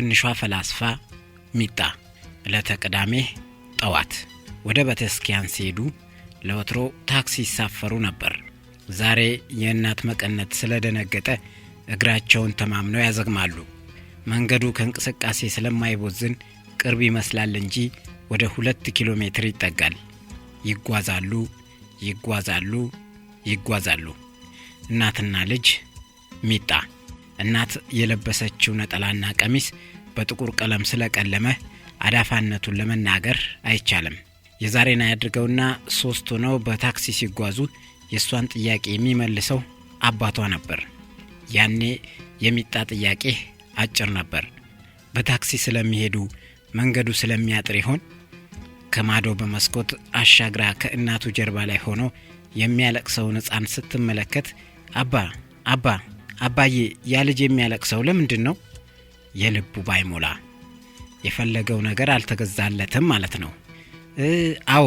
ትንሿ ፈላስፋ ሚጣ ዕለተ ቅዳሜ ጠዋት ወደ በተስኪያን ሲሄዱ ለወትሮ ታክሲ ይሳፈሩ ነበር። ዛሬ የእናት መቀነት ስለደነገጠ እግራቸውን ተማምነው ያዘግማሉ። መንገዱ ከእንቅስቃሴ ስለማይቦዝን ቅርብ ይመስላል እንጂ ወደ ሁለት ኪሎ ሜትር ይጠጋል። ይጓዛሉ፣ ይጓዛሉ፣ ይጓዛሉ እናትና ልጅ ሚጣ እናት የለበሰችው ነጠላና ቀሚስ በጥቁር ቀለም ስለቀለመ አዳፋነቱን ለመናገር አይቻልም። የዛሬን አያድርገውና ሶስት ሆነው በታክሲ ሲጓዙ የእሷን ጥያቄ የሚመልሰው አባቷ ነበር። ያኔ የሚጣ ጥያቄ አጭር ነበር። በታክሲ ስለሚሄዱ መንገዱ ስለሚያጥር ይሆን? ከማዶ በመስኮት አሻግራ ከእናቱ ጀርባ ላይ ሆኖ የሚያለቅሰውን ሕፃን ስትመለከት አባ አባ አባዬ ያ ልጅ የሚያለቅሰው ለምንድን ነው? የልቡ ባይሞላ የፈለገው ነገር አልተገዛለትም ማለት ነው። አዎ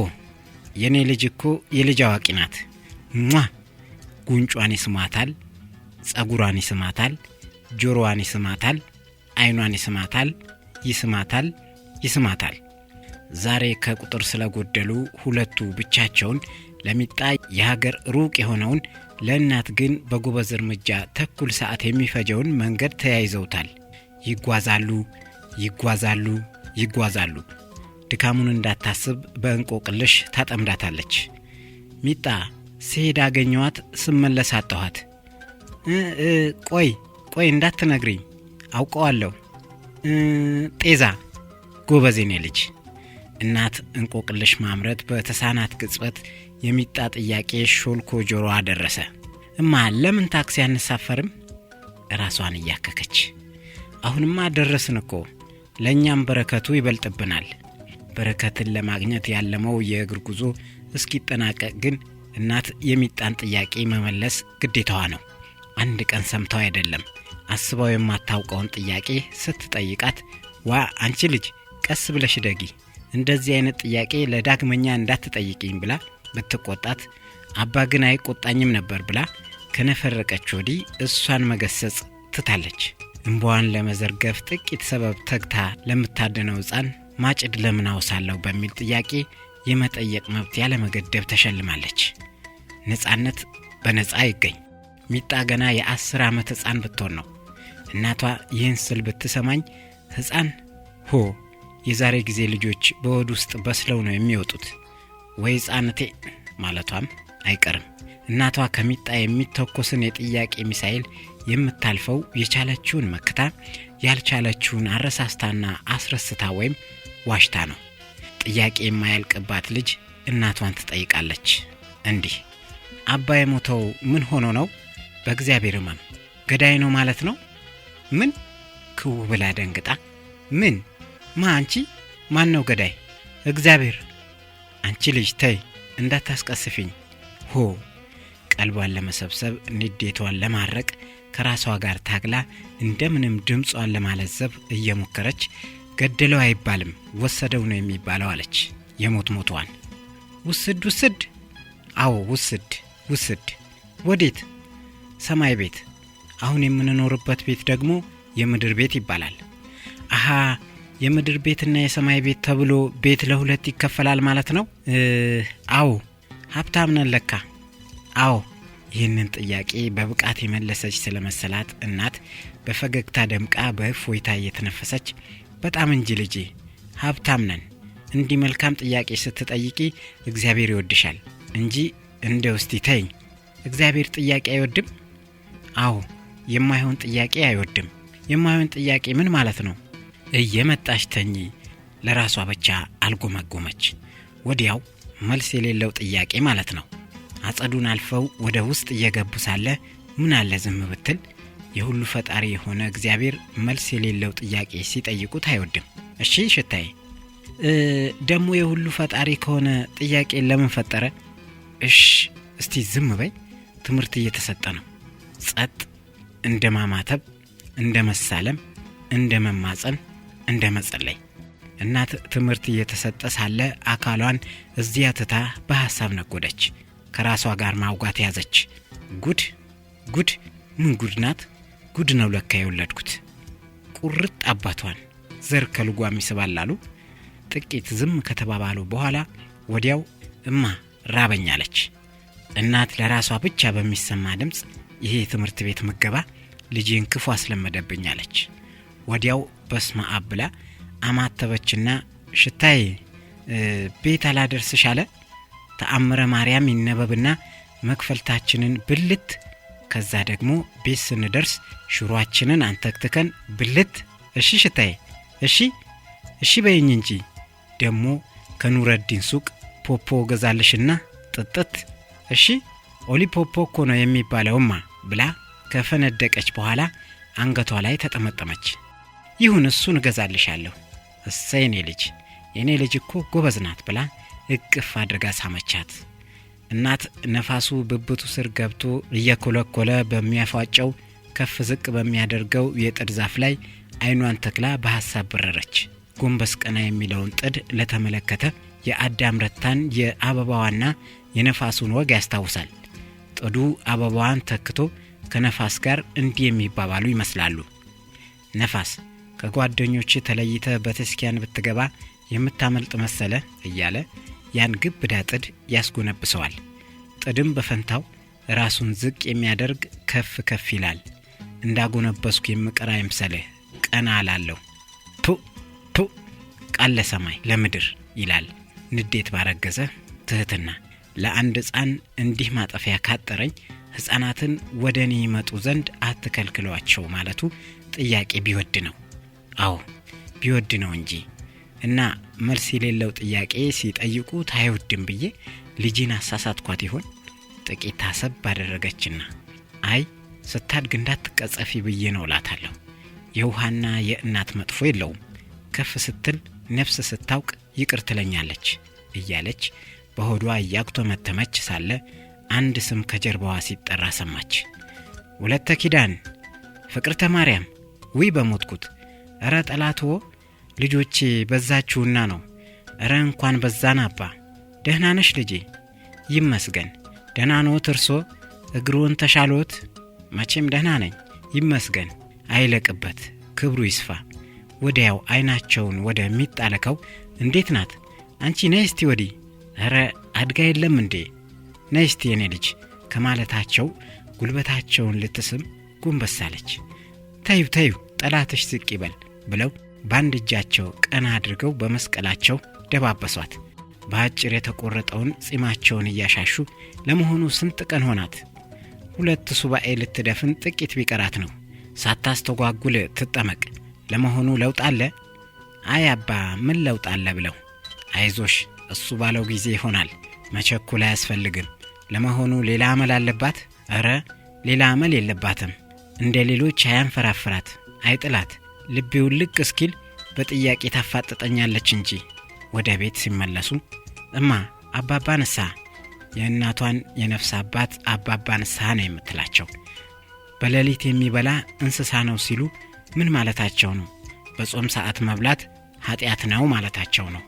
የእኔ ልጅ እኮ የልጅ አዋቂ ናት። ሟ ጉንጯን ይስማታል፣ ጸጉሯን ይስማታል፣ ጆሮዋን ይስማታል፣ አይኗን ይስማታል፣ ይስማታል፣ ይስማታል። ዛሬ ከቁጥር ስለጎደሉ ሁለቱ ብቻቸውን ለሚጥቃይ የሀገር ሩቅ የሆነውን ለእናት ግን በጎበዝ እርምጃ ተኩል ሰዓት የሚፈጀውን መንገድ ተያይዘውታል። ይጓዛሉ፣ ይጓዛሉ፣ ይጓዛሉ። ድካሙን እንዳታስብ በእንቆቅልሽ ታጠምዳታለች። ሚጣ ስሄድ አገኘዋት፣ ስመለስ አጣኋት። ቆይ ቆይ፣ እንዳትነግሪኝ አውቀዋለሁ። ጤዛ ጎበዜኔ ልጅ እናት እንቆቅልሽ ማምረት በተሳናት ቅጽበት የሚጣ ጥያቄ ሾልኮ ጆሮ ደረሰ። እማ ለምን ታክሲ አንሳፈርም? ራሷን እያከከች አሁንማ ደረስን እኮ ለእኛም በረከቱ ይበልጥብናል። በረከትን ለማግኘት ያለመው የእግር ጉዞ እስኪጠናቀቅ ግን እናት የሚጣን ጥያቄ መመለስ ግዴታዋ ነው። አንድ ቀን ሰምተው አይደለም አስበው የማታውቀውን ጥያቄ ስትጠይቃት ዋ አንቺ ልጅ ቀስ ብለሽ ደጊ እንደዚህ አይነት ጥያቄ ለዳግመኛ እንዳትጠይቅኝ ብላ ብትቆጣት አባ ግን አይቆጣኝም ነበር ብላ ከነፈረቀች ወዲህ እሷን መገሰጽ ትታለች። እንባዋን ለመዘርገፍ ጥቂት ሰበብ ተግታ ለምታደነው ሕፃን ማጭድ ለምን አውሳለሁ በሚል ጥያቄ የመጠየቅ መብት ያለመገደብ ተሸልማለች። ነፃነት በነፃ ይገኝ። ሚጣ ገና የአስር ዓመት ሕፃን ብትሆን ነው እናቷ ይህን ስል ብትሰማኝ ሕፃን ሆ የዛሬ ጊዜ ልጆች በወድ ውስጥ በስለው ነው የሚወጡት ወይ ሕፃንቴ ማለቷም አይቀርም። እናቷ ከሚጣ የሚተኮስን የጥያቄ ሚሳኤል የምታልፈው የቻለችውን መክታ ያልቻለችውን አረሳስታና አስረስታ ወይም ዋሽታ ነው። ጥያቄ የማያልቅባት ልጅ እናቷን ትጠይቃለች እንዲህ አባ የሞተው ምን ሆኖ ነው? በእግዚአብሔር ማም ገዳይ ነው ማለት ነው? ምን ክው ብላ ደንግጣ ምን ማ አንቺ ማን ነው ገዳይ? እግዚአብሔር። አንቺ ልጅ ተይ እንዳታስቀስፊኝ። ሆ ቀልቧን ለመሰብሰብ ንዴቷን ለማድረቅ ከራሷ ጋር ታግላ እንደምንም ድምጿን ለማለዘብ እየሞከረች ገደለው አይባልም ወሰደው ነው የሚባለው አለች። የሞት ሞቷን ውስድ ውስድ። አዎ ውስድ ውስድ። ወዴት? ሰማይ ቤት። አሁን የምንኖርበት ቤት ደግሞ የምድር ቤት ይባላል። አሃ የምድር ቤትና የሰማይ ቤት ተብሎ ቤት ለሁለት ይከፈላል ማለት ነው? አዎ። ሀብታም ነን ለካ። አዎ። ይህንን ጥያቄ በብቃት የመለሰች ስለመሰላት እናት በፈገግታ ደምቃ በእፎይታ እየተነፈሰች በጣም እንጂ ልጄ ሀብታም ነን። እንዲህ መልካም ጥያቄ ስትጠይቂ እግዚአብሔር ይወድሻል እንጂ እንደ ውስቲ ተይኝ። እግዚአብሔር ጥያቄ አይወድም? አዎ፣ የማይሆን ጥያቄ አይወድም። የማይሆን ጥያቄ ምን ማለት ነው? እየመጣች ተኚ ለራሷ ብቻ አልጎመጎመች። ወዲያው መልስ የሌለው ጥያቄ ማለት ነው። አጸዱን አልፈው ወደ ውስጥ እየገቡ ሳለ ምን አለ ዝም ብትል። የሁሉ ፈጣሪ የሆነ እግዚአብሔር መልስ የሌለው ጥያቄ ሲጠይቁት አይወድም። እሺ ሽታዬ፣ ደግሞ የሁሉ ፈጣሪ ከሆነ ጥያቄ ለምን ፈጠረ? እሽ እስቲ ዝም በይ። ትምህርት እየተሰጠ ነው። ጸጥ እንደ ማማተብ፣ እንደ መሳለም፣ እንደ መማፀን እንደ መጸለይ እናት ትምህርት እየተሰጠ ሳለ አካሏን እዚያ ትታ በሐሳብ ነጎደች። ከራሷ ጋር ማውጋት ያዘች። ጉድ ጉድ! ምን ጉድ ናት! ጉድ ነው ለካ የወለድኩት። ቁርጥ አባቷን ዘር ከልጓም ይስባል አሉ። ጥቂት ዝም ከተባባሉ በኋላ ወዲያው እማ ራበኝ አለች። እናት ለራሷ ብቻ በሚሰማ ድምፅ ይሄ የትምህርት ቤት ምገባ ልጄን ክፉ አስለመደብኝ አለች። ወዲያው በስመ አብ ብላ አማተበችና ሽታይ ቤት አላደርስሽ አለ። ተአምረ ማርያም ይነበብና መክፈልታችንን ብልት ከዛ ደግሞ ቤት ስንደርስ ሽሮአችንን አንተክትከን ብልት። እሺ ሽታይ እሺ እሺ በይኝ እንጂ ደግሞ ከኑረዲን ሱቅ ፖፖ ገዛልሽና ጥጥት። እሺ ኦሊ ፖፖ እኮ ነው የሚባለውማ ብላ ከፈነደቀች በኋላ አንገቷ ላይ ተጠመጠመች። ይሁን እሱን እገዛልሻለሁ። እሰይ የኔ ልጅ የእኔ ልጅ እኮ ጎበዝ ናት ብላ እቅፍ አድርጋ ሳመቻት። እናት ነፋሱ ብብቱ ስር ገብቶ እየኮለኮለ በሚያፏጨው ከፍ ዝቅ በሚያደርገው የጥድ ዛፍ ላይ አይኗን ተክላ በሐሳብ በረረች። ጎንበስ ቀና የሚለውን ጥድ ለተመለከተ የአዳም ረታን የአበባዋና የነፋሱን ወግ ያስታውሳል። ጥዱ አበባዋን ተክቶ ከነፋስ ጋር እንዲህ የሚባባሉ ይመስላሉ። ነፋስ ከጓደኞች ተለይተ በተስኪያን ብትገባ የምታመልጥ መሰለ እያለ ያን ግብ ጥድ ያስጎነብሰዋል። ጥድም በፈንታው ራሱን ዝቅ የሚያደርግ ከፍ ከፍ ይላል። እንዳጎነበስኩ የምቀራ አይምሰልህ፣ ቀና አላለሁ። ቱ ቱ ቃል ለሰማይ ለምድር ይላል። ንዴት ባረገዘ ትህትና ለአንድ ሕፃን እንዲህ ማጠፊያ ካጠረኝ ሕፃናትን ወደ እኔ ይመጡ ዘንድ አትከልክሏቸው ማለቱ ጥያቄ ቢወድ ነው። አዎ ቢወድ ነው እንጂ እና መልስ የሌለው ጥያቄ ሲጠይቁት አይወድም ብዬ ልጅን አሳሳትኳት ይሆን? ጥቂት ታሰብ ባደረገችና አይ ስታድግ እንዳትቀጸፊ ብዬ ነው እላታለሁ። የውሃና የእናት መጥፎ የለውም። ከፍ ስትል ነፍስ ስታውቅ ይቅር ትለኛለች እያለች በሆዷ እያግቶ መተመች ሳለ አንድ ስም ከጀርባዋ ሲጠራ ሰማች። ሁለተ ኪዳን፣ ፍቅርተ ማርያም፣ ውይ በሞትኩት እረ ጠላቶ ልጆቼ በዛችሁና ነው። እረ እንኳን በዛን አባ። ደህና ነሽ ልጄ? ይመስገን። ደህና ኖት እርሶ? እግሮን ተሻሎት? መቼም ደህና ነኝ ይመስገን። አይለቅበት ክብሩ ይስፋ። ወዲያው አይናቸውን ወደ ሚጣለከው እንዴት ናት አንቺ ነይ እስቲ ወዲህ፣ እረ አድጋ የለም እንዴ ነይ እስቲ የኔ ልጅ ከማለታቸው ጉልበታቸውን ልትስም ጎንበሳለች። ተዩ ተዩ ጠላትሽ ዝቅ ይበል ብለው በአንድ እጃቸው ቀና አድርገው በመስቀላቸው ደባበሷት። በአጭር የተቆረጠውን ጺማቸውን እያሻሹ ለመሆኑ ስንት ቀን ሆናት? ሁለት ሱባኤ ልትደፍን ጥቂት ቢቀራት ነው። ሳታስተጓጉል ትጠመቅ። ለመሆኑ ለውጥ አለ? አይ አባ፣ ምን ለውጥ አለ ብለው። አይዞሽ፣ እሱ ባለው ጊዜ ይሆናል። መቸኩል አያስፈልግም። ለመሆኑ ሌላ አመል አለባት? እረ ሌላ አመል የለባትም። እንደ ሌሎች አያንፈራፍራት፣ አይጥላት። ልቤው ልቅ እስኪል በጥያቄ ታፋጥጠኛለች እንጂ። ወደ ቤት ሲመለሱ እማ አባባ ንሳ የእናቷን የነፍስ አባት አባባ ንስሐ ነው የምትላቸው። በሌሊት የሚበላ እንስሳ ነው ሲሉ ምን ማለታቸው ነው? በጾም ሰዓት መብላት ኃጢአት ነው ማለታቸው ነው።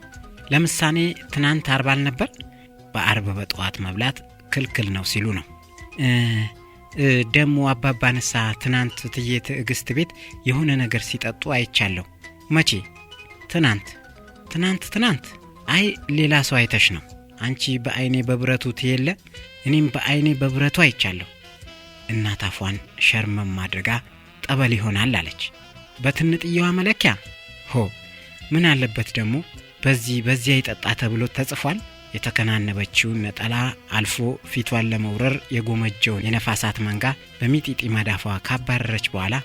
ለምሳሌ ትናንት አርብ አልነበር? በአርብ በጠዋት መብላት ክልክል ነው ሲሉ ነው። ደሞ አባባ ነሳ ትናንት ትዬ ትዕግስት ቤት የሆነ ነገር ሲጠጡ አይቻለሁ። መቼ? ትናንት ትናንት ትናንት። አይ ሌላ ሰው አይተሽ ነው። አንቺ በአይኔ በብረቱ ትየለ፣ እኔም በአይኔ በብረቱ አይቻለሁ። እናት አፏን ሸርመም ማድረጋ ጠበል ይሆናል አለች። በትንጥየዋ መለኪያ ሆ ምን አለበት ደግሞ በዚህ በዚያ ይጠጣ ተብሎ ተጽፏል። የተከናነበችውን ነጠላ አልፎ ፊቷን ለመውረር የጎመጀውን የነፋሳት መንጋ በሚጢጢ መዳፏ ካባረረች በኋላ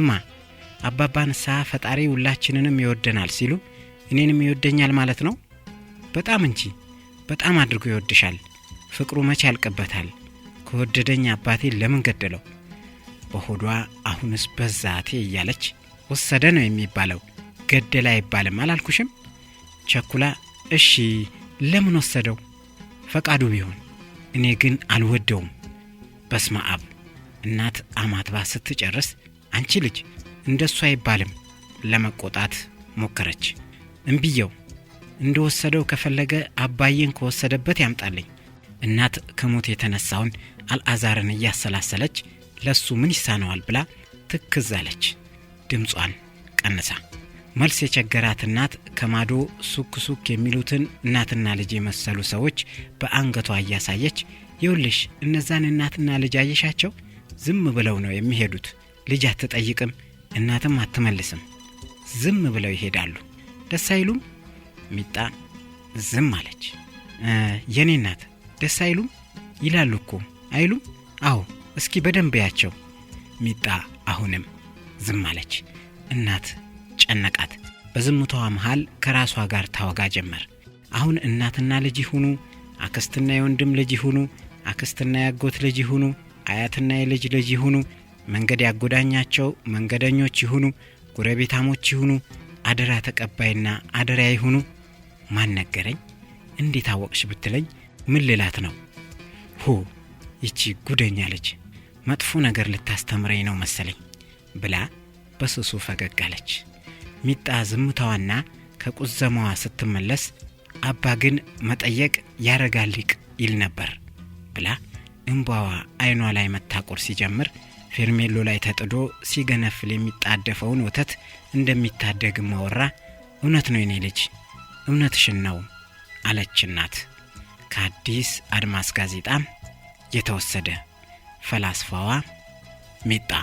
እማ አባባ ንስሐ ፈጣሪ ሁላችንንም ይወደናል ሲሉ እኔንም ይወደኛል ማለት ነው። በጣም እንጂ በጣም አድርጎ ይወድሻል። ፍቅሩ መቼ ያልቅበታል? ከወደደኝ አባቴ ለምን ገደለው? በሆዷ አሁንስ በዛቴ እያለች ወሰደ ነው የሚባለው፣ ገደለ አይባልም። አላልኩሽም? ቸኩላ እሺ ለምን ወሰደው? ፈቃዱ ቢሆን እኔ ግን አልወደውም። በስመ አብ! እናት አማትባ ስትጨርስ አንቺ ልጅ እንደሱ አይባልም ለመቆጣት ሞከረች። እምብየው እንደወሰደው ከፈለገ አባዬን ከወሰደበት ያምጣልኝ። እናት ከሞት የተነሳውን አልአዛርን እያሰላሰለች ለሱ ምን ይሳነዋል ብላ ትክዝ አለች ድምጿን ቀንሳ መልስ የቸገራት እናት ከማዶ ሱክ ሱክ የሚሉትን እናትና ልጅ የመሰሉ ሰዎች በአንገቷ እያሳየች ይውልሽ እነዛን እናትና ልጅ አየሻቸው? ዝም ብለው ነው የሚሄዱት። ልጅ አትጠይቅም፣ እናትም አትመልስም። ዝም ብለው ይሄዳሉ። ደስ አይሉም። ሚጣ ዝም አለች። የኔ እናት ደስ አይሉም ይላሉ እኮ አይሉም? አዎ፣ እስኪ በደንብ ያቸው። ሚጣ አሁንም ዝም አለች። እናት ጨነቃት። በዝምታዋ መሃል ከራሷ ጋር ታወጋ ጀመር። አሁን እናትና ልጅ ይሁኑ፣ አክስትና የወንድም ልጅ ይሁኑ፣ አክስትና ያጎት ልጅ ይሁኑ፣ አያትና የልጅ ልጅ ይሁኑ፣ መንገድ ያጎዳኛቸው መንገደኞች ይሁኑ፣ ጎረቤታሞች ይሁኑ፣ አደራ ተቀባይና አደራ ይሁኑ። ማን ነገረኝ? እንዴት አወቅሽ ብትለኝ ምን ልላት ነው? ሁ ይቺ ጉደኛ ልጅ መጥፎ ነገር ልታስተምረኝ ነው መሰለኝ ብላ በስሱ ፈገግ አለች። ሚጣ ዝምታዋና ከቁዘማዋ ስትመለስ አባ ግን መጠየቅ ያረጋልቅ ይል ነበር ብላ እንባዋ አይኗ ላይ መታቆር ሲጀምር ፌርሜሎ ላይ ተጥዶ ሲገነፍል የሚጣደፈውን ወተት እንደሚታደግ ማወራ እውነት ነው የኔ ልጅ እውነትሽን ነው አለችናት ከአዲስ አድማስ ጋዜጣ የተወሰደ ፈላስፋዋ ሚጣ